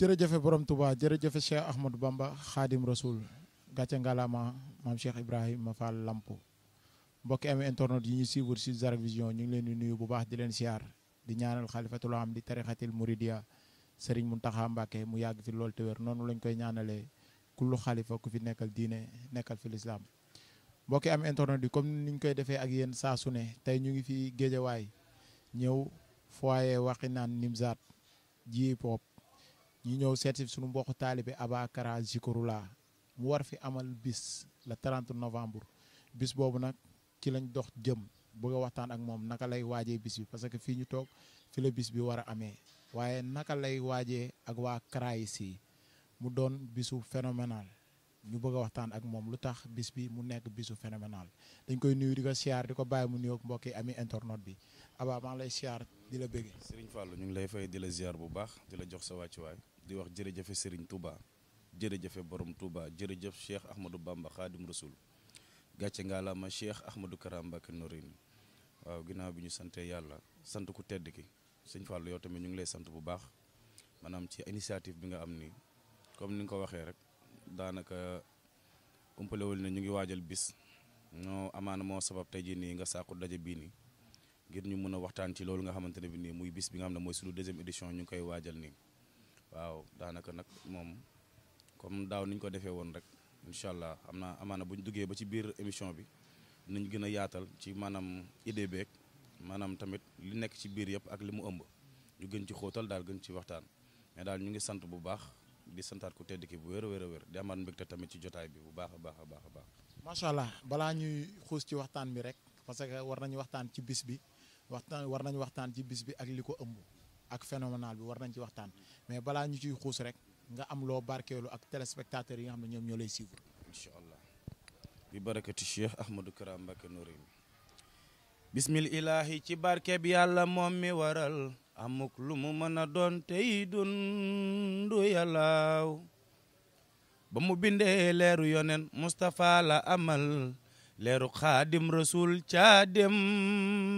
jërëjëfe borom Touba jërëjëfe Cheikh Ahmadou Bamba Khadim Rasoul gàcce ngalaama maam Cheikh Ibrahima Fall Lampo mbokki amee internet yi ñu suivre ci Zarak Vision ñu ngi leen di nuyu bu baax di leen siyaar di ñaanal xalifatul am di tarixatil Mouridia Serigne Mountakha Mbacké mu yàgg fi loolu te wér noonu lañ koy ñaanalee kullu xalifa ku fi nekkal diine nekkal fi lislaam mbokki am internet yi comme ñu koy defee ak yéen saa su ne tey ñu ngi fi géejawaay ñëw foyer waxi naan Nimzaat ñu ñëw seet si suñu mbokku taalibe Abakara Zikrullah mu war fi amal bis la 30 novembre bis boobu nag ci lañ dox jëm bëgg waxtaan ak moom naka lay waajee bis bi parce que fii ñu toog fi la bis bi war a amee waaye naka lay waajee ak waa Karaayis si mu doon bisu phénoménal ñu bëgg a waxtaan ak moom lu tax bis bi mu nekk bisu phénoménal dañ koy nuyu di ko siyaar di ko bàyyi mu nuyoog mbokki ami internet bi Aba maa lay siyaar di la bëggee. Serigne Fallou ñu ngi lay fay di la ziar bu baax di la jox sa wàccuwaay. di wax jërëjëfe Serigne Touba jërëjëfe borom Touba jërëjëf Cheikh Ahmadou Bamba Khadim Rasoul gàcce nga la ma Cheikh Ahmadou Kara Mbacké norin waaw ginnaaw bi ñu sante yàlla sant ku tedd ki sëñ Fallou yow tamit ñu ngi lay sant bu baax maanaam ci initiative bi nga am ni comme ni nga ko waxee rek daanaka umpalewul ne ñu ngi waajal bis ñoo amaana moo sabab tey jii nii nga sàkku bii nii ngir ñu mën a waxtaan ci loolu nga xamante ne bi nii muy bis bi nga xam ne mooy suñu deuxième édition ñu ngi koy waajal nii waaw daanaka nag moom comme daaw ni ñu ko defee woon rek incha allah am na amaana bu ñu duggee ba ci biir émission bi nañ gën a yaatal ci maanaam idée beeg maanaam tamit li nekk ci biir yëpp ak li mu ëmb ñu gën ci xóotal daal gën ci waxtaan mais daal ñu ngi sant bu baax di santaat ku tedd ki bu wér a wér a wér di amaat mbégte tamit ci jotaay bi bu baax a baax a baax a baax. macha allah balaa ñuy xuus ci waxtaan bi rek parce que war nañu waxtaan ci bis bi waxtaan war nañu waxtaan ci bis bi ak li ko ëmb. ak phénoménal bi war nañ ci waxtaan mais balaa ñu ciy xuus rek nga am loo barkeelu ak téléspectateurs yi nga xam ne ñoom ñoo lay suivre. incha allah bi barakati Cheikh Ahmadou Kara Mbacké Noreyni bismil ilaahi ci barke bi yàlla moom mi waral amuk lu mu mën doon tey dundu yàllaaw ba mu bindee leeru yonen Mustapha la amal leeru xaadim rasul caa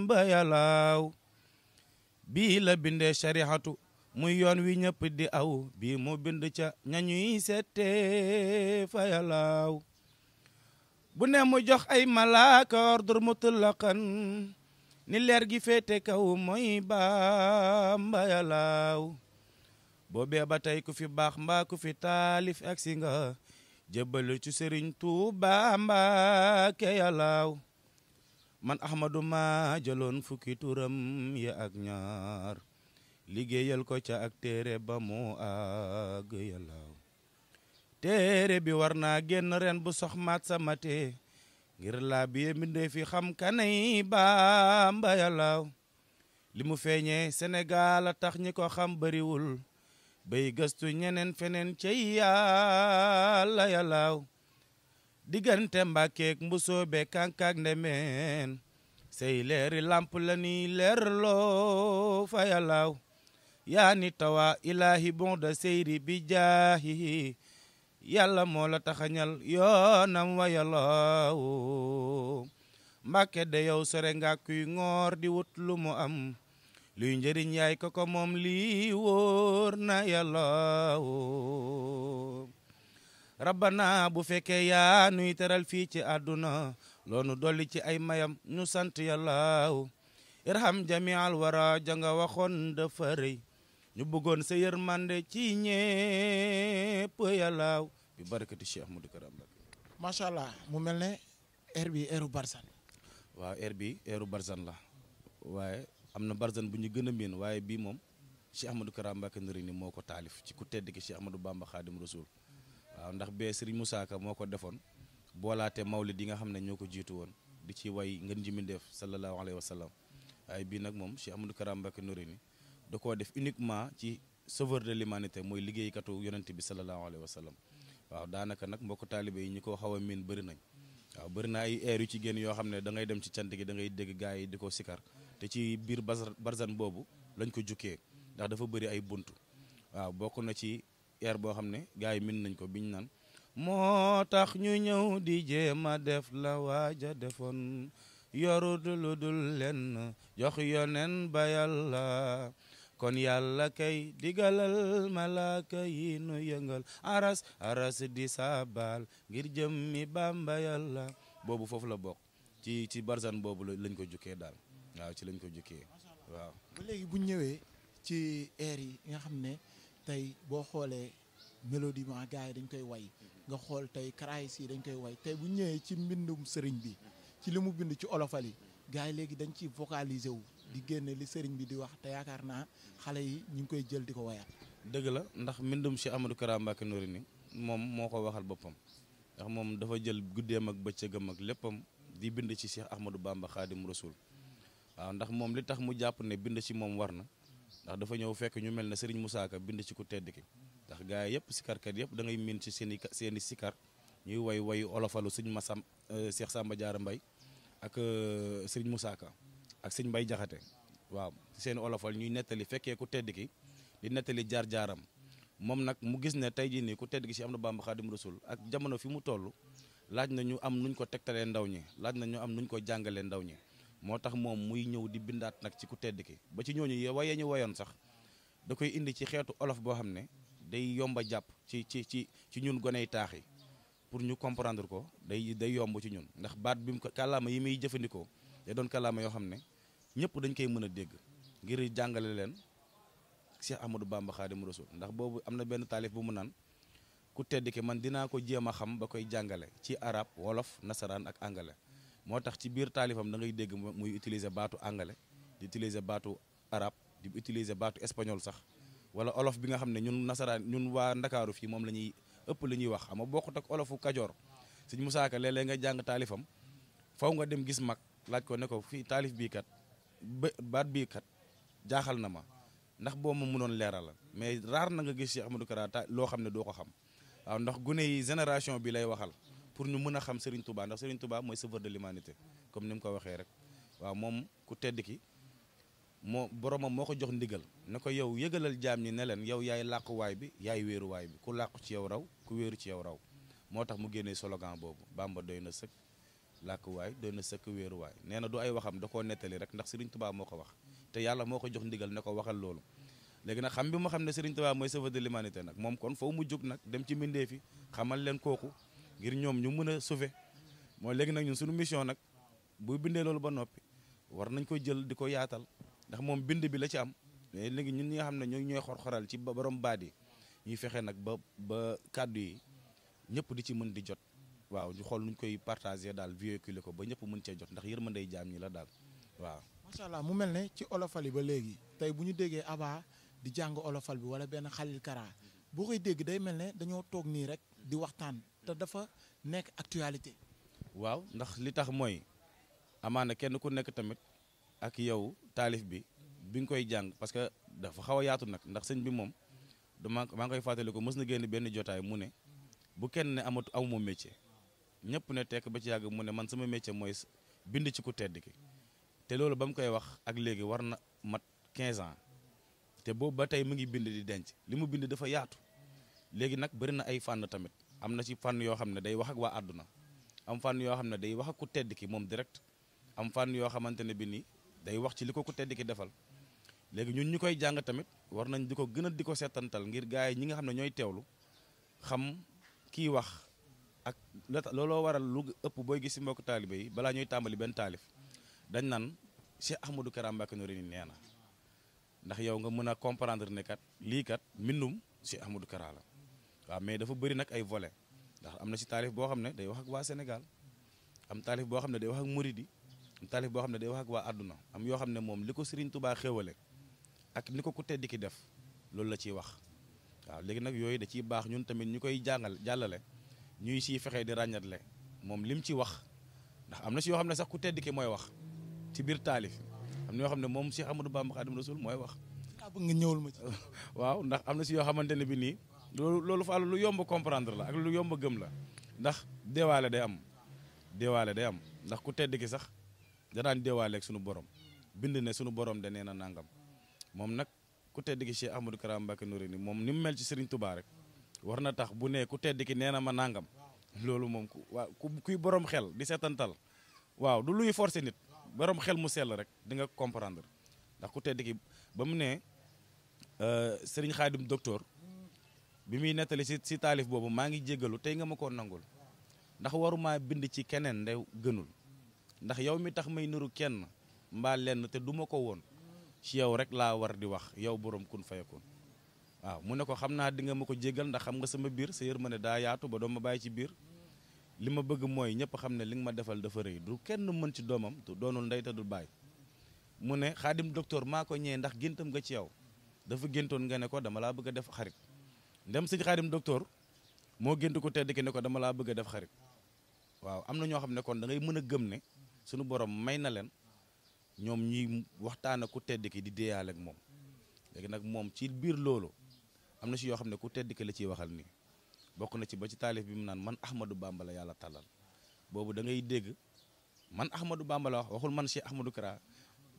ba yàllaaw bi la bindee shariatu muy yoon wi ñepp di aw bi mo bind ca ñañuy sété fa yàllaaw bu ne mu jox ay malaaka ordur mutlaqan ni leer gi féete kaw mooy Bamba yàllaaw bo ba batay ku fi bax mba ku fi talif ak man ahmadu ma jëloon fukki tuuram ya ak ñaar liggéeyal ko ca ak téere ba mu àgg yàllaaw téere bi war naa génn ren bu soxmaat sama tee ngir laa biye xam kanay Bamba yàllaaw li mu feeñee Sénégal a tax ñi ko xam bariwul bay gëstu ñeneen feneen ca yàlla digante mbake ak Mbusoo be Kankaak nemen sey leri lamp la ni lo fa ya ni tawa ilahi bon de seyri bi jahi yalla mo la taxañal yoonam wa Yàlla mbake de yow sore nga kuy ngor di wut lu mu am lu njeri nyaay ko ko mom li wor na Rabana bu fekke ya nuy teral fi ci lono lonu doli ci ay mayam ñu sant yalla irham jamial wara janga waxon de rëy ñu bëggoon sa yermande ci ñepp yalla bi barakati cheikh ahmadou karam sha allah mu melne air bi airu barzan wa air bi airu barzan la waye amna barzan bu ñu gëna min waye bi mom cheikh amadou karam mbake ni moko ci ku tedd ki cheikh amadou bamba khadim rasoul waaw ndax bee Serigne Moussa Ka moo ko defoon boolaate mawlid yi nga xam ne ñoo ko jiitu woon di ci way ngeen ji mi def sallallahu alayhi wa sallam waaye bii nag moom Cheikh Amadou Karam Mbacké Noreyni da koo def uniquement ci sauveur de l'humanité mooy liggéeykatu yonent bi sallallahu alayhi wa sallam waaw daanaka nag mbokk taalibe yi ñi ko xaw a miin bëri nañ waaw bëri na ay air yu ci génn yoo xam ne da ngay dem ci cant gi dangay ngay dégg gars yi di ko sikar te ci biir barzan boobu lañ ko jukkee ndax dafa bëri air boo xam ne gars yi min nañ ko biñ naan moo tax ñu ñëw di jéem a def la waaja defoon yorut lu dul lenn jox yonen ba yàlla kon yàlla kay digalal malaaka yi nu yëngal aras aras di saabal ngir jëm mi bàmba yàlla boobu foofu la bokk ci ci barzan boobu lañ ko jukkee daal waaw ci lañ ko jukkee waaw ba léegi bu ñëwee ci nga xam ne tey boo xoolee mélodiquement gars yi dañ koy way nga xool tey karaayis yi dañ koy woy tey bu ñëwee ci mbindum sëriñ bi ci li mu bind ci olofal yi gars yi léegi dañ ciy vocaliser wu di génne li sëriñ bi di wax te yaakaar naa xale yi ñu ngi koy jël di ko wayal dëgg la ndax mbindum si Amadou Kara Mbacké Noreyni moom moo ko waxal boppam ndax moom dafa jël guddeem ak bëccëgam ak léppam di bind ci Cheikh Ahmadou Bamba Khadim Rasoul waaw ndax moom li tax mu jàpp ne bind ci moom war na ndax dafa ñëw fekk ñu mel ne Serigne Moussa Ka bind ci ku tedd ki ndax gars yëpp sikarkat yëpp da ngay miin ci seen i seen i sikar ñuy way wayu olofalu sëñ Masam seex euh, sàmba Diarra Mbaye ak euh, Serigne Moussa Ka ak sëñ mbay Jaxate waaw seen olofal ñuy nettali fekkee ku tedd ki di nettali jaar-jaaram moom nag mu gis ne tey jii nii ku tedd ki si am na Bamba Xaadim Rasul ak jamono fi mu toll laaj na ñu am nuñ ko tegtalee ndaw ñi laaj na ñu am nuñ ko jàngalee ndaw ñi moo tax moom muy ñëw di bindaat nag ci ku tedd ki ba ci ñooñu waaye ñu woyoon sax da koy indi ci xeetu olof boo xam ne day yomb jàpp ci ci ci ci ñun goney taax yi pour ñu comprendre ko day day yomb ci ñun ndax baat bi mu ko kàllaama yi muy jëfandikoo day doon kalaama yoo xam ne ñëpp dañ koy mën a dégg ngir jàngale leen Cheikh Ahmadou Bamba Khadim Rasoul ndax boobu am na benn taalif bu mu naan ku tedd ki man dinaa ko jéem a xam ba koy jàngale ci araab wolof nasaraan ak angale moo tax ci biir taalifam da ngay dégg muy utiliser baatu anglais di utiliser baatu arabe di utiliser baatu espagnol sax wala olof bi nga xam ne ñun nasaraan ñun waa ndakaaru fii moom la ñuy ëpp la ñuy wax ama bokkut ak olofu kajoor sëñ Musaa Ka léeg-léeg nga jàng taalifam faw nga dem gis mag laaj ko ne ko fii taalif bii kat baat bii kat jaaxal na ma ndax boo mu mënoon leeralal mais raar na nga gis Cheikh Ahmadou Kara loo xam ne doo ko xam waaw ndax gune yi génération bi lay waxal pour ñu mën a xam Serigne Touba ndax Serigne Touba mooy sauveur de l'humanité comme ni mu ko waxee rek waaw moom ku tedd ki moo boromam moo ko jox ndigal na ko yow yëgalal jaam ñi ne leen yow yaay làquwaay bi yaay wéeruwaay bi ku làqu ci yow raw ku wéeru ci yow raw moo tax mu génnee slogan boobu Bamba doy na sëkk làkkuwaay doy na sëkk wéeruwaay nee na du ay waxam da koo nettali rek ndax Serigne moo ko wax te yàlla moo ko jox ndigal ne ko waxal loolu léegi nag xam bi ma xam ne Serigne Touba mooy sauveur de l'humanité nag moom kon foofu mu jóg nag dem ci mbindee fi xamal leen kooku ngir ñoom ñu mën a sauver moo léegi nag ñu suñu mission nag bu bindee loolu ba noppi war nañ ko jël di ko yaatal ndax moom bind bi la ci am mais léegi ñun ñi nga xam ne ñooy xor-xoral ci borom baat yi ñuy fexe nag ba ba kàddu yi ñëpp di ci mën di jot waaw ñu xool nuñ koy partager daal véhiculer ko ba ñëpp mën cee jot ndax yërmandey jaam ñi la daal waaw. macha mu mel ne ci olofal yi ba léegi tey bu ñu déggee Abba di jàng olofal bi wala benn xalil kara boo koy dégg day mel ne dañoo toog nii rek di waxtaan. te dafa nekk actualité. waaw ndax li tax mooy amaana kenn ku nekk tamit ak yow taalif bi bi nga koy jàng parce que dafa xaw a yaatu nag ndax sëñ bi moom dama maa ngi koy fàttaliku mës na génn benn jotaay mu ne bu kenn ne amatu amuma métier ñëpp ne tekk ba ci yàgg mu ne man sama métier mooy bind ci ku tedd ki te loolu ba mu koy wax ak léegi war na mat 15 ans te boobu ba tey mu ngi bind di denc li mu bind dafa yaatu léegi nag bëri ay fànn tamit am na ci fànn yoo xam ne day wax ak waa àdduna am fànn yoo xam ne day wax ak ku tedd ki moom direct am fànn yoo xamante ne bi nii day wax ci li ko ku tedd ki defal léegi ñun ñu koy jàng tamit war nañ di ko gën a di ko seetantal ngir gars yi ñi nga xam ne ñooy teewlu xam kii wax ak looloo waral lu ëpp booy gis si mbokk taalibe yi balaa ñuy tàmbali benn taalif dañ nan Cheikh Ahmadou Kara Mbacké Noreyni nee na ndax yow nga mën a comprendre ne liikat lii kat mbindum Cheikh la waaw mais dafa bëri nag ay volets ndax am na si taalif boo xam ne day wax ak waa Sénégal am taalif boo xam ne day wax ak Moridi am taalif boo xam ne day wax ak waa àdduna am yoo xam ne moom li ko Serigne Touba xéwale ak ni ko ku tedd ki def loolu la ciy wax waaw léegi nag yooyu da ciy baax ñun tamit ñu koy jàngal jàllale ñuy siy fexee di ràññatle moom lim ci wax ndax am na si yoo xam ne sax ku tedd ki mooy wax ci biir na yoo xam ne moom Cheikh Amadou Bamba Khadim Rasoul mooy wax. nga ñëwul ma ci. waaw bi nii. loolu loolu Fallou lu yomb comprendre la ak lu yomb gëm la ndax deewaale day am deewaale day am ndax ku tedd ki sax da daan deewaale ak sunu borom bind ne sunu borom de nee na nangam moom nag ku tedd ki Cheikh Ahmadou Kara Mbacké Noreyni moom ni mu mel ci Serigne Touba rek war na tax bu ne ku tedd ki nee na ma nangam loolu moom ku waa kuy boroom xel di seetantal waaw du luy forcer nit boroom xel mu sell rek di nga comprendre ndax ku tedd ki ba mu ne euh, sëriñ Khadim docteur. bi muy nettali si si taalif boobu maa ngi jéggalu tey nga ma koo nangul ndax waruma bind ci keneen ndew gënul ndax yow mi tax may niru kenn mbaa lenn te du ma ko woon ci yow rek laa war di wax yow borom kun fayakun waaw mu ne ko xam naa di nga ma ko jéggal ndax xam nga sama biir sa ne daa yaatu ba doo ma bàyyi ci biir li ma bëgg mooy ñëpp xam ne li nga ma defal dafa rëy du kenn mën ci doomam du doonul ndey te du bàyyi mu ne xaadim docteur maa ko ñëwee ndax géntam nga ci yow dafa géntoon nga ne ko dama laa bëgg def xarit ndem sëñ xaadim docteur moo gént ko tedd ki ne ko dama laa bëgg a def xarit waaw am na ñoo xam ne kon dangay mën a gëm ne sunu borom may na leen ñoom ñuy waxtaan ak ku tedd ki di deeyaale ak moom léegi nag moom ci biir loolu am na si yoo xam ne ku tedd ki la ciy waxal nii bokk na ci ba ci taalif bi mu naan man Ahmadou Bamba la yàlla tàllal boobu da ngay dégg man Ahmadou Bamba la wax waxul man Cheikh Ahmadou Kara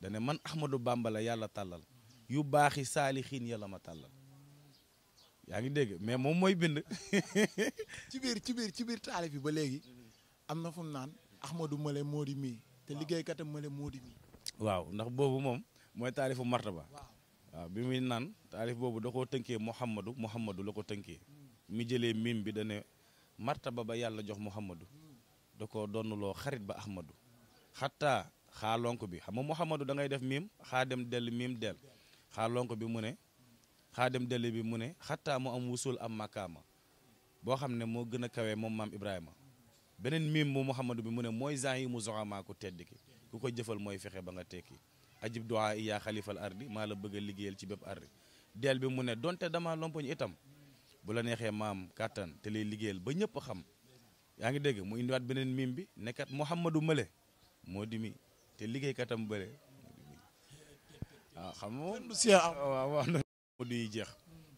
dane man Ahmadou Bamba la yàlla tàllal yu baaxi saalixiin yàlla ma tàllal yaa ngi dégg mais moom mooy bind. ci biir ci biir ci biir taalif bi ba léegi. am na fu naan Ahmadou Male moo mii. te liggéeykatam Male moo mii. waaw ndax boobu moom mooy taalifu martaba. waaw bi muy naan taalif boobu da ko tënkee Mouhamadou Mouhamadou la ko tënkee. mi jëlee miim bi da ne martaba ba yàlla jox Mouhamadou. Hmm. da ko donnaloo xarit ba Ahmadou. xataa lonk bi xam nga Mouhamadou da ngay def miim xaa dem dell mim dell xaalonk bi mu ne. xaadam dale bi mu ne xattaa mu am wusul am makaama boo xam ne moo gën a kawee moom maam Ibrahima beneen miim mu Muhammadu bi mu ne mooy gen yi mu zoxamaa ku tedd ki ku ko jëfal mooy fexe ba nga tekki ajib duwaa iyaa xalifal ardi maa la bëgg a liggéeyal ci bépp ardi deel bi mu ne donte dama lompoñ itam bu la neexee maam kàttan te lay liggéeyal ba ñëpp xam yaa ngi dégg mu indiwaat beneen miim bi nekkat Muhammadu mële moo di mi te liggéeykatam bële waaw mudd yi jeex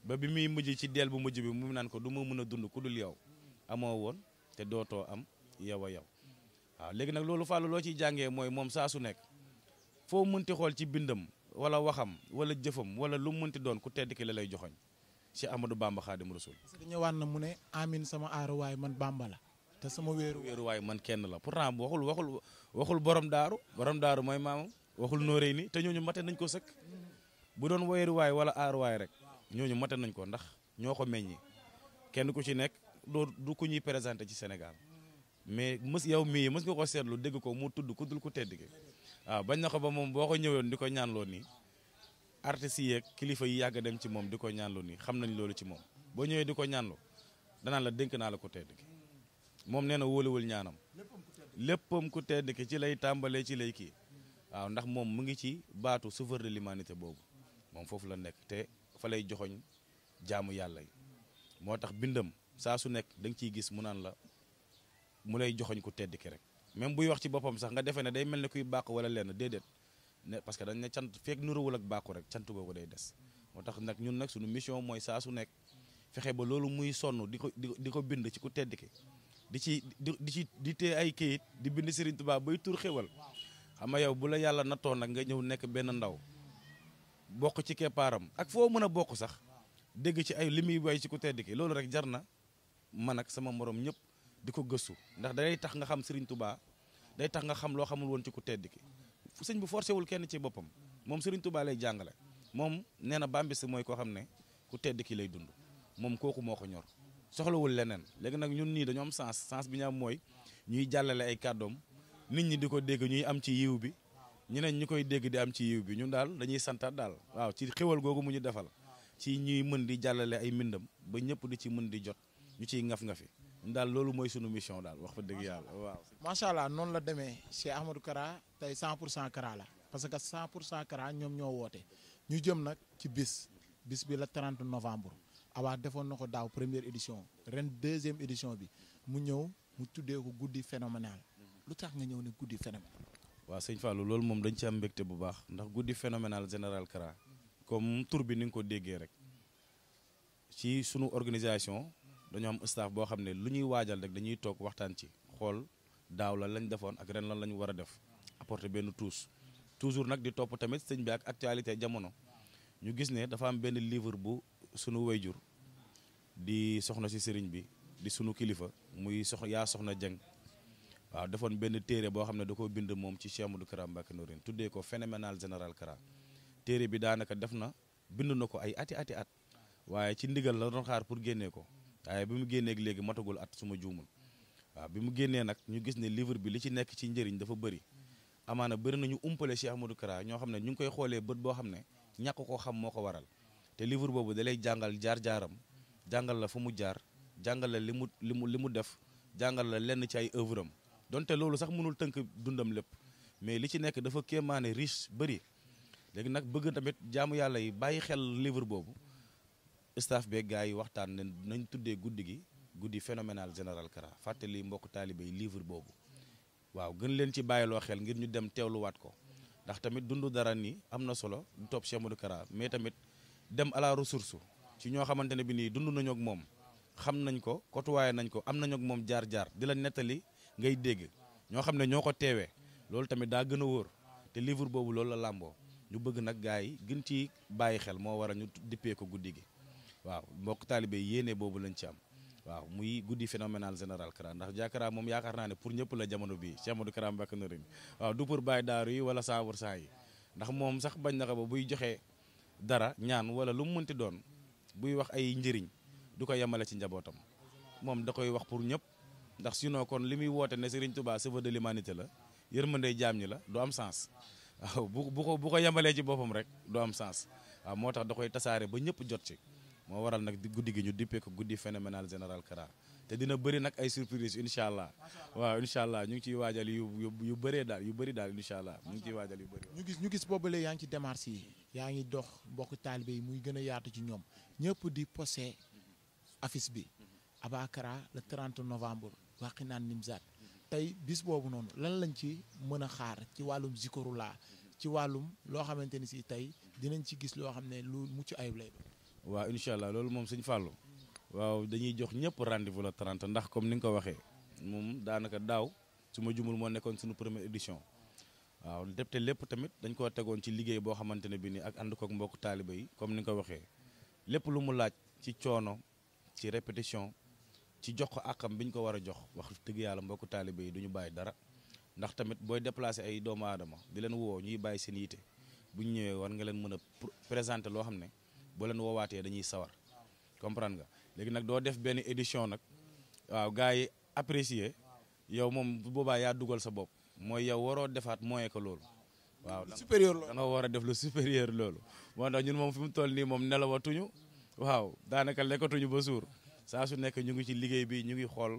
ba bi muy mujj ci deel bu mujj bi mu naan ko du ma mën a dund ku dul yow amoo woon te doo too am yow a yow waaw léegi nag loolu fàllu loo ciy jàngee mooy moom saa su nekk foo mënti xool ci bindam wala waxam walla jëfam wala lu mënti doon ku tedd ki la lay joxoñ ci Amadou Bamba Xaadim Rasul parce que ñëwaat na mu ne amin sama aaruwaay man Bamba la sama wéeru wéeruwaay man kenn la pourtant waxul waxul waxul borom daaru borom daaru mooy maamam waxul nóoré ni te ñooñu mate nañ ko sëkk bu doon woyeeruwaay wala waaye rek ñooñu mate nañ ko ndax ñoo ko meññi kenn ku ci nekk doo du ku ñuy présenté ci Sénégal mais mës yow mii mës nga ko seetlu dégg ko mu tudd ku dul ku tedd ki waaw bañ na ko ba moom boo ko ñëwee di ko ñaanloo nii artistes kilifa yi yàgg dem ci moom di ko ñaanloo nii xam nañ loolu ci moom boo ñëwee di ko ñaanloo danaan la dénk naa la ku tedd ki moom nee na wóoluwul ñaanam léppam ku tedd ki ci lay tàmbalee ci lay kii waaw ndax moom mu ngi ci baatu sauveur de l'humanité boobu moom foofu la nekk te fa lay joxoñ jaamu yàlla yi moo tax bindam saa su nekk da nga ciy gis mu naan la mu lay joxoñ ku tedd ki rek même buy wax ci boppam sax nga defee ne day mel ni kuy bàkku wala lenn déedéet ne parce que dañ ne cant feeg nuruwul ak bàkku rek cant googu day des moo tax nag ñun nag suñu mission mooy saa su nekk fexe ba loolu muy sonn di ko di ko bind ci ku tedd ki di ci di di ci di tee ay kayit di bind Serigne tubaab bay tur xéwal xam nga yow bu la yàlla nattoon nag ñëw nekk benn ndaw bokk ci keppaaram ak foo mën a bokk sax dégg ci ay li muy way ci ku tedd ki loolu rek jar na man ak sama moroom ñëpp di ko gëstu ndax day tax nga xam Serigne Touba day tax nga xam loo xamul woon ci ku tedd ki sëñ bi forcé wul kenn ci boppam moom Serigne Touba lay jàngale moom nee na bambis mooy koo xam ne ku tedd ki lay dund moom kooku moo ko ñor soxlawul leneen léegi nag ñun nii dañoom am sens sens bi ñu am mooy ñuy jàllale ay kàddoom nit ñi di ko dégg ñuy am ci yiw bi ñeneen ñu koy dégg di am ci yiw bi ñun daal dañuy santaat daal waaw ci xéwal googu mu ñu defal ci ñuy mën di jàllale ay mbindam ba ñëpp di ci mën di jot ñu ciy ngaf-ngafi ñun daal loolu mooy sunu mission daal wax fa dëgg yàlla waaw macha allah noonu la demee Cheikh Ahmadou Kara tey 100 pour cent Kara la parce que 100 pour cent Kara ñoom ñoo woote ñu jëm nag ci bis bis bi la 30 novembre abaa defoon na ko daaw première édition ren deuxième édition bi mu ñëw mu tuddee ko guddi phénoménal lu tax nga ñëw ne guddi phénoménal waaw sëñ Fallou loolu moom dañu ci am mbégte bu baax ndax guddi phénoménal général Kara comme tur bi ni nga ko déggee rek ci sunu organisation dañoo am staff boo xam ne lu ñuy waajal rek dañuy toog waxtaan ci xool daaw la lañ defoon ak ren lan la ñu war a def apporter benn tuus toujours nag di topp tamit sëñ bi ak actualité jamono ñu gis ne dafa am benn livre bu sunu wayjur di soxna si sëriñ bi di sunu kilifa muy sox yaa soxna Dieng waaw defoon benn téere boo xam ne da koo bind moom ci Cheikh Amadou Kara Mbacké Noreyni tuddee ko phénoménal général Kara téere bi daanaka def na bind na ko ay ati ati at waaye ci ndigal la doon xaar pour génnee ko waaye bi mu génneeg léegi matagul at suma juumul waaw bi mu génnee nag ñu gis ne livre bi li ci nekk ci njëriñ dafa bëri amaana bëri nañu umpale Cheikh Amadou ñoo xam ne ñu ngi koy xoolee bët boo xam ne ñàkk koo xam moo ko waral te livre boobu da jàngal jaar-jaaram jàngal la fu mu jaar jàngal li mu li mu li mu def jàngal lenn ci ay œuvre donte loolu sax mënul tënk dundam lépp mais li ci nekk dafa kéemaane riche bëri léegi nag bëgg tamit jaamu yàlla yi bàyyi xel livre boobu staff beeg gars yi waxtaan ne nañ tuddee guddi gi guddi phénoménal général Kara fàttali mbokk taalibe livre boobu waaw gën leen ci bàyyiloo xel ngir ñu dem teewluwaat ko ndax tamit dund dara ni am na solo du topp Cheikh Modou mais tamit dem à la ci ñoo xamante ne bi nii dund nañu ak moom xam nañ ko côtoyé nañ ko am nañu moom jaar-jaar di la nettali ngay dégg ñoo xam ne ñoo ko teewee loolu tamit daa gën a wóor te livre boobu loolu la làmboo ñu bëgg nag gaa yi gën ci bàyyi xel moo war ñu dippee ko guddi gi waaw mbokk taalibe yéene boobu lañ ci am waaw muy guddi phénoménal général Kara ndax Jakara moom yaakaar naa ne pour ñëpp la jamono bii Cheikh Amadou Kara Mbacké Noreyni waaw du pour bàyyi daaru yi wala saabur saa yi ndax moom sax bañ na ko ba buy joxe dara ñaan wala lu mu mënti doon buy wax ay njëriñ du ko yemale ci njabootam moom da koy wax pour ñëpp ndax sinon kon li muy woote ne Serigne Touba sauveur de l'humanité la yërmandey jaam ñi la du am sens waaw bu bu ko bu ko yembalee ci boppam rek du am sens waaw moo tax da koy tasaare ba ñëpp jot ci moo waral nag guddi gi ñu dippee ko guddi phénoménal général Karaar te dina bëri nag ay surprise incha allah waaw incha allah ñu ngi ciy waajal yu yu bëree daal yu bëri daal incha allah ñu ngi ciy waajal yu bëri. ñu gis ñu gis boobule yaa ngi ci démarche yi yaa ngi dox mbokk taalibe yi muy gën a yaatu ci ñoom ñëpp di posé affiche bi Abakara le 30 novembre. waqi naan nim zaat tey bis boobu noonu lan lañ ci mën a xaar ci wàllum zikorulaa ci wàllum loo xamante ni si tey dinañ ci gis loo xam ne lu mucc ayib lay doon waaw incha loolu moom suñ fàllu waaw dañuy jox ñëpp rendez-vous la 30 ndax comme ni nga ko waxee moom daanaka daaw su ma jumul moo nekkoon suñu première édition waaw def te lépp tamit dañ koo tegoon ci liggéey boo xamante ne bi nii ak ànd kook mbokk taaliba yi comme ni nga ko waxee lépp lu mu laaj ci coono ci répétition ci jox ko akam biñ ko wara jox wax deug yalla mbokku talibé duñu bay dara ndax tamit boy déplacer ay doom adama di len wo ñuy bay seen yité bu ñëwé nga len mëna présenter lo xamné bo len dañuy sawar comprendre nga légui nak do def ben édition nak waaw gaay yi apprécier yow mom bu boba ya dugal sa bop moy yow waro defaat moy ko lool waaw supérieur lool da nga wara def lu supérieur lool mo ndax ñun mom fimu toll ni mom nelawatuñu waaw daanaka lekatuñu ba sour saa su nekk ñu ngi ci liggéey bi ñu ngi xool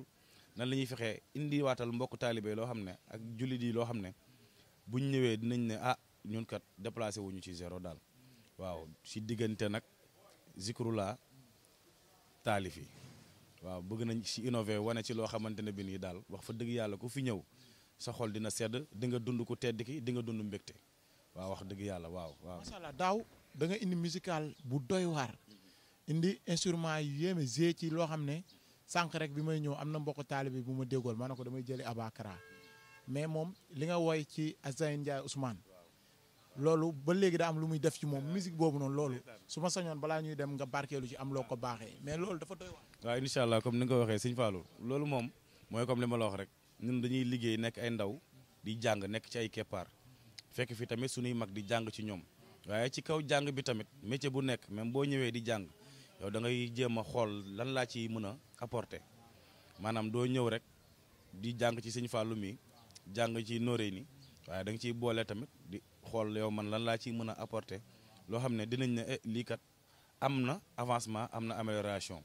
nan la ñuy fexee indiwaatal mbokk taalibe loo xam ne ak jullit yi loo xam ne buñ ñëwee dinañ ne ah ñun kat déplacé wuñu ci zéro daal waaw si diggante nag zikrula taalif yi waaw bëgg nañ si innové wane ci loo xamante ne bi nii daal wax fa dëgg yàlla ku fi ñëw sa xool dina sedd di nga dund ku tedd ki di nga dund mbégte waaw wax dëgg yàlla waaw waaw. daaw da indi musical bu doy waar. indi instruments yi yéeme zé ci loo xam ne sànq rek bi may ñëw am na mbokk taalibe bu ma déggool ma ne ko damay jëli abakara mais moom li nga woy ci Azayn Ndiaye Ousmane loolu ba léegi daa am lu muy def ci moom musique boobu noonu loolu su ma sañoon balaa ñuy dem nga barkeelu ci am loo ko baaxee mais loolu dafa doy wax waaw comme ni nga ko waxee sëñ Fallou loolu moom mooy comme li ma la wax rek ñun dañuy liggéey nekk ay ndaw di jàng nekk ci ay keppaar fekk fi tamit suñuy mag di jàng ci ñoom waaye ci kaw jàng bi tamit métier bu nekk même boo ñëwee di jàng yow da ngay jéem a xool lan laa ci mën a apporter maanaam doo ñëw rek di jàng ci sëñ Fallou mi jàng ci nooree ni waaye danga nga ciy boole tamit di xool yow man lan laa ciy mën a apporter loo xam ne dinañ ne eh, lii kat am na avancement am na amélioration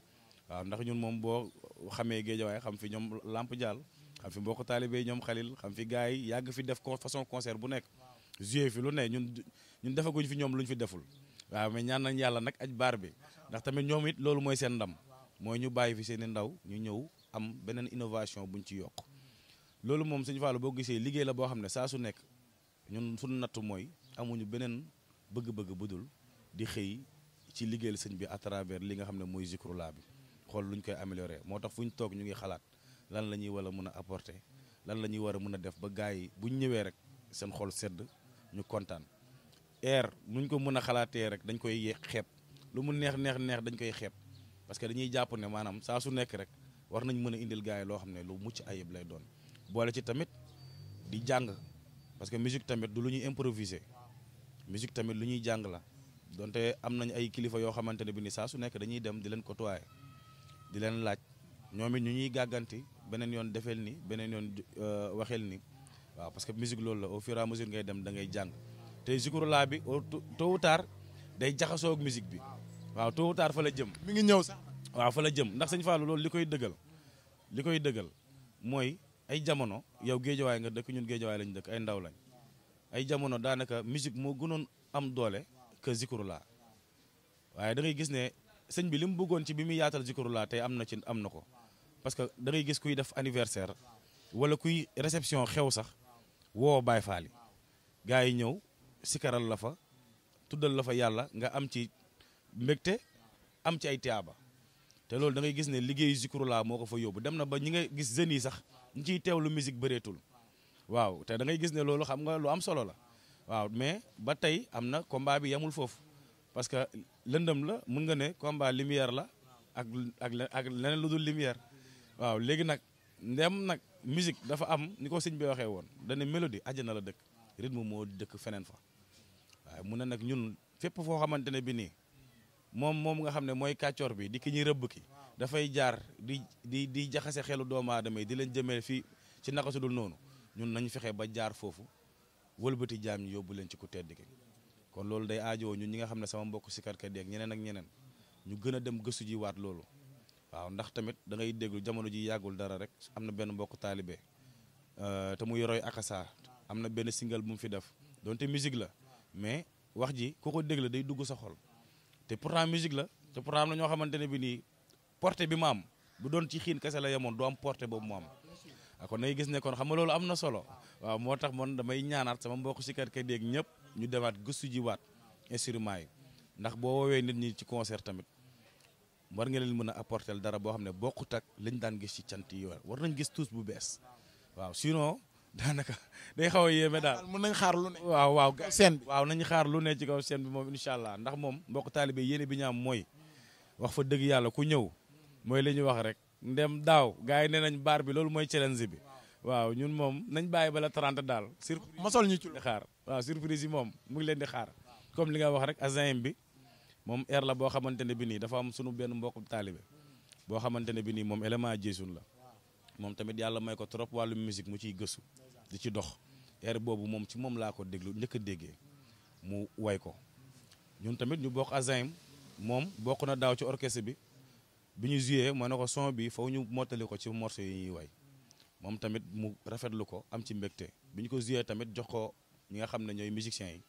waaw ndax ñun moom boo xamee géejawaay xam fi ñoom Lamp Diall xam fi mbokk taalibe ñoom Xalil xam fi gars yi yàgg fi def façon concert bu nekk joué fi lu ne ñun ñun defaguñ fi ñoom luñ fi deful. waaw mais ñaan nañ yàlla nag aj baar bi ndax tamit ñoom it loolu mooy seen ndam mooy ñu bàyyi fi seen i ndaw ñu ñëw am beneen innovation buñ ci yokk loolu moom sëñ Fallou boo gisee liggéey la boo xam ne saa su nekk ñun suñu nattu mooy amuñu beneen bëgg-bëgg bu dul di xëy ci liggéeyal sëñ bi à travers li nga xam ne mooy Zikrullah bi xool lu ñu koy améliorer moo tax fu ñu toog ñu ngi xalaat lan la ñuy war a mën a apporter lan la ñuy war a mën a def ba gars yi buñ ñëwee rek seen xol sedd ñu kontaan nu ñu ko mën a xalaatee rek dañ koy xeep lu mu neex neex neex dañ koy xeep parce que dañuy jàpp ne maanaam saa su nekk rek war nañ mën a indil gaa yi loo xam ne lu mucc ayib lay doon boole ci tamit di jàng parce que musique tamit du lu ñuy improviser musique tamit lu ñuy jàng la donte am nañ ay kilifa yoo xamante ne bi ni saa su nekk dañuy dem di leen côtoyer di leen laaj ñoom it ñu ñuy gàgganti beneen yoon defeel ni beneen yoon euh, waxeel ni waaw parce que musique loolu la au fur et ngay dem da ngay jàng te zikurulaa bi tôt ou tard day jaxasoo ak bi waaw tôt ou fa la jëm. mi ngi ñëw sax waaw fa la jëm ndax sëñ Fallou loolu li koy dëggal li koy dëggal mooy ay jamono yow géejawaay nga dëkk ñun géejawaay lañ dëkk ay ndaw lañ ay jamono daanaka musique moo gënoon am doole que zikurulaa waaye da gis ne sëñ bi li mu bëggoon ci bi muy yaatal zikurulaa tey am na ci am na ko parce que da gis kuy def anniversaire wala kuy réception xew sax woo Baay Faal yi yi ñëw. sikaral la fa tuddal la fa yàlla nga am ci mbégte am ci ay tiyaaba te loolu da ngay gis ne liggéey Zikrullah moo ko fa yóbbu dem na ba ñu nga gis jeunes yi sax ñi ciy teewlu musique bëreetul waaw te da ngay gis ne loolu xam nga lu am solo la waaw mais ba tey am na combat bi yamul foofu parce que lëndëm la mën nga ne combat lumière la ak ak ak leneen lu dul lumière waaw léegi nag ndem nag musique dafa am ni ko sëñ bi waxee woon dane mélodie àjjana la dëkk rythme moo dëkk feneen fa waaye mun na nag ñun fépp foo xamante ne bi nii moom moom nga xam ne mooy kàccoor bi di ki ñuy rëbb ki dafay jaar di di di jaxase xelu doomu aadama yi di leen jëmee fii ci naka noonu ñun nañu fexe ba jaar foofu wëlbati jaam ñi yóbbu leen ci ku tedd ki kon loolu day aajowoo ñun ñi nga xam ne sama mbokk sikarkat yeeg ñeneen ak ñeneen ñu gën a dem gëstu ji waat loolu waaw ndax tamit da ngay déglu jamono ji yàggul dara rek am na benn mbokk taalibe euh, te mu yoroy akasa am na benn single bu fi def mais wax ji ku ko déglu day dugg sa xol te pourtant musique la te pourtant am na ñoo xamante ne bi nii portée bi mu am bu doon ci xiin kese la yemoon doom am boobu mu am ah, kon nay gis ne kon xam nga loolu am na solo waaw moo tax man damay ñaanaat sama mboqu si kat ka dégg ñëpp ñu demaat gëstu ji waat instruments yi ndax boo woowee nit ñi ci concert tamit war nga leen mën a apporter dara boo xam ne bokkut ak lañ daan gis ci cant yi war war nañ gis tous bu bees daanaka day xaw a daal mën nañ xaar lu ne waaw waaw seen bi waaw xaar lu ne ci kaw seen bi moom incha allah ndax moom mbokk taalibe yéene bi ñu am mooy wax fa dëgg yàlla ku ñëw mooy li ñu wax rek ndem daaw gars yi nee nañ baar bi loolu mooy challenge bi waaw ñun moom nañ bàyyi bala 30 daal surprise mosol ñu ci xaar waaw yi moom mu ngi leen di xaar comme li nga wax rek agent bi moom air la boo xamante ne bi nii dafa am sunu benn mbokk taalibe boo xamante ne bi nii moom élément jeesun la moom tamit yàlla may ko trop wàllu musique mu ciy gësu di ci dox air boobu moom ci moom laa ko déglu njëkk a déggee mu way ko ñun tamit ñu bokk Azaim moom bokk na daaw ci orchestre bi bu ñu joué ma ne ko son bi foo ñu mottali ko ci morceau yi ñuy way moom tamit mu rafetlu ko am ci mbégte bi ñu ko joué tamit jox ko ñi nga xam ne ñooy musiciens yi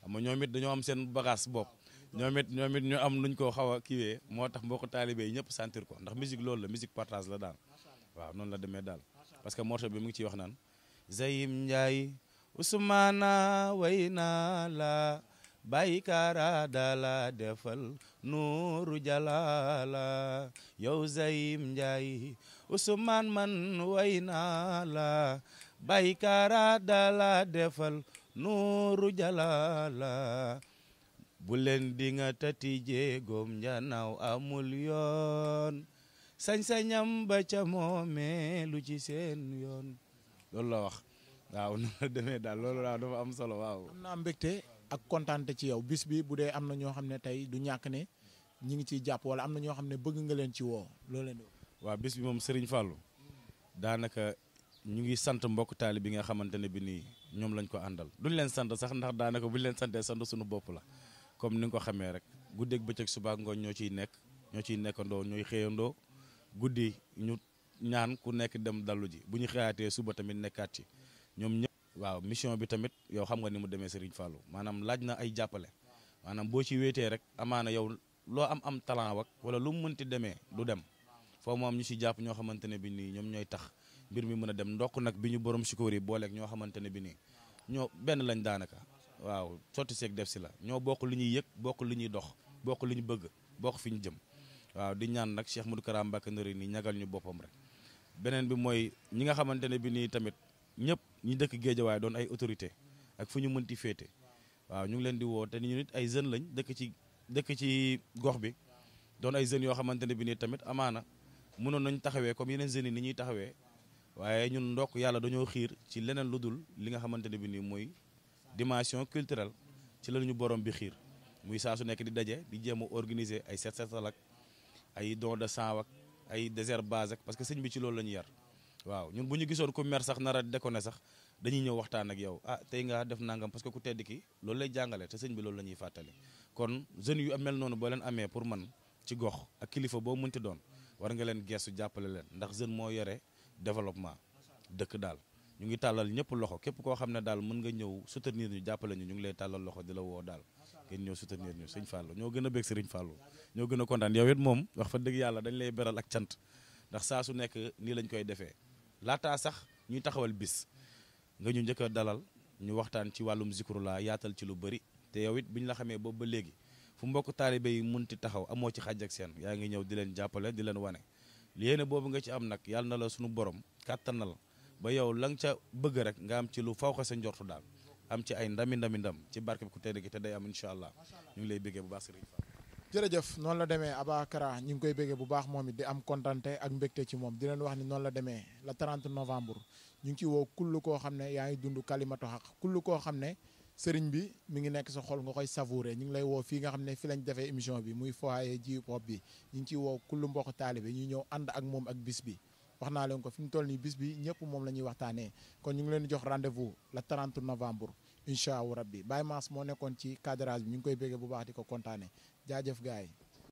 xam nga ñoom it dañoo am seen bagage bopp ñoom it ñoom it ñu am nañ ko xaw a kiiwee moo tax mbokk taalibe yi ñëpp sentir ko ndax musique loolu la musique la daal waaw noonu la demee daal parce que morceau bi mu ngi ciy wax naan zayim njaay usmaana way naa la defal nuuru jalaala yow zayim njaay usmaan man way naa la sañ-sañam ba ca moomee lu ci seen yoon loolu la wax waaw na la demee daal loolu waaw dafa am solo waaw. am naa mbégte ak kontaante ci yow bis bi bu dee am na ñoo xam ne tey du ñàkk ne ñi ngi ciy jàpp wala am na ñoo xam ne bëgg nga leen ci woo loolu leen waaw bis bi moom Serigne Fallou daanaka ñu ngi sant mbokk taali bi nga xamante ne bi nii ñoom lañ ko àndal duñ leen sant sax ndax daanaka ñu leen santee sant suñu bopp la comme ni nga ko xamee rek guddeeg bëccëg suba ngoon ñoo ciy nekk ñoo ciy nekkandoo ñooy xëyandoo guddi ñu ñaan ku nekk dem dallu ji bu ñu xëyaatee suba tamit nekkaat ci ñoom ñëpp. waaw mission bi tamit yow xam nga ni mu demee Serigne Fallou maanaam laaj na ay jàppale maanaam boo ci wéetee rek amaana yow loo am am talent wak wala lu mu mënti demee du dem foo mu am ñu si jàpp ñoo xamante ne bi nii ñoom ñooy tax mbir mi mën a dem ndokk nag bi ñu boroom sukóor yi booleeg ñoo xamante ne bi nii ñoo benn lañ daanaka waaw sotti seek def si la ñoo bokk li ñuy yëg bokk li ñuy dox bokk ñu bëgg bokk fi ñu jëm waaw di ñaan nag Cheikh Modou Kara Mbacké ni ñagal ñu boppam rek beneen bi mooy ñi nga xamante ne bi nii tamit ñëpp ñi dëkk géejawaay doon ay autorité ak fu ñu mënti féete waaw ñu ngi leen di woo te ñu nit ay jeunes lañ dëkk ci dëkk ci gox bi doon ay jeunes yoo xamante ne bi nii tamit amaana mënoon nañ taxawee comme yeneen jeunes yi ni ñuy taxawee waaye ñun ndokk yàlla dañoo xiir ci leneen lu dul li nga xamante ne bi nii mooy dimension culturelle ci la ñu borom bi xiir muy saa su nekk di daje di jéem a organiser ay set setal ak ay don de sang ak ay désert base ak parce que sëñ bi ci loolu la ñu yar waaw ñun bu ñu gisoon ku mer sax nar a déconné sax dañuy ñëw waxtaan ak yow ah tey nga def nangam parce que ku tedd ki loolu lay jàngale te sëñ bi loolu lañuy ñuy fàttali kon jeunes yu amee noonu boo leen amee pour man ci gox ak kilifa boo mënti doon war nga leen gestu jàppale leen ndax jeune moo yore développement dëkk daal ñu ngi tàllal ñëpp loxo képp koo xam ne daal mën nga ñëw soutenir ñu jàppale ñu ñu ngi lay tàllal loxo di la woo daal ngeen ñëw soutenir ñu sëñ Fallou ñoo gën a bëgg sëriñ Fallou ñoo gën a kontaan yow moom wax fa dëgg yàlla dañ lay beral ak cant ndax saa su nekk nii lañ koy defee laataa sax ñuy taxawal bis nga ñu njëkk dalal ñu waxtaan ci wàllum zikrullah yaatal ci lu bëri te yow it bi ñu la xamee boobu ba léegi fu mbokk taalibe yi ti taxaw amoo ci xàjj ak seen yaa ngi ñëw di leen jàppale di leen wane yéene boobu nga ci am nag yàlla na la suñu borom kàttanal ba yow la nga ca bëgg rek nga am ci lu faw sa njortu daal am ci ay ndami ndami ndam ci barke bi ku tedd gi te day am incha allah ñu ngi lay béggee bu baax sëriñ Fall jërëjëf noonu la demee Abakara ñu ngi koy béggee bu baax moom it di am kontante ak mbégte ci moom di leen wax ni noonu la demee le 30 novembre ñu ngi ci woo kull koo xam ne yaa ngi dund kalimatu xaq kull koo xam ne sëriñ bi mu ngi nekk sa xol nga koy savouré ñu ngi lay woo fii nga xam ne fi lañ defee émission bi muy foaye ji pop bi ñu ngi ciy woo kull mbokk taalibe ñu ñëw ànd ak moom ak bis bi wax naa leen ko fi mu toll nii bis bi ñëpp moom la ñuy waxtaanee kon ñu ngi leen di jox rendez-vous le 30 novembre incha allahu rabbi Baye Mass moo nekkoon ci cadrage bi ñu ngi koy béggee bu baax di ko kontaanee jaajëf gars yi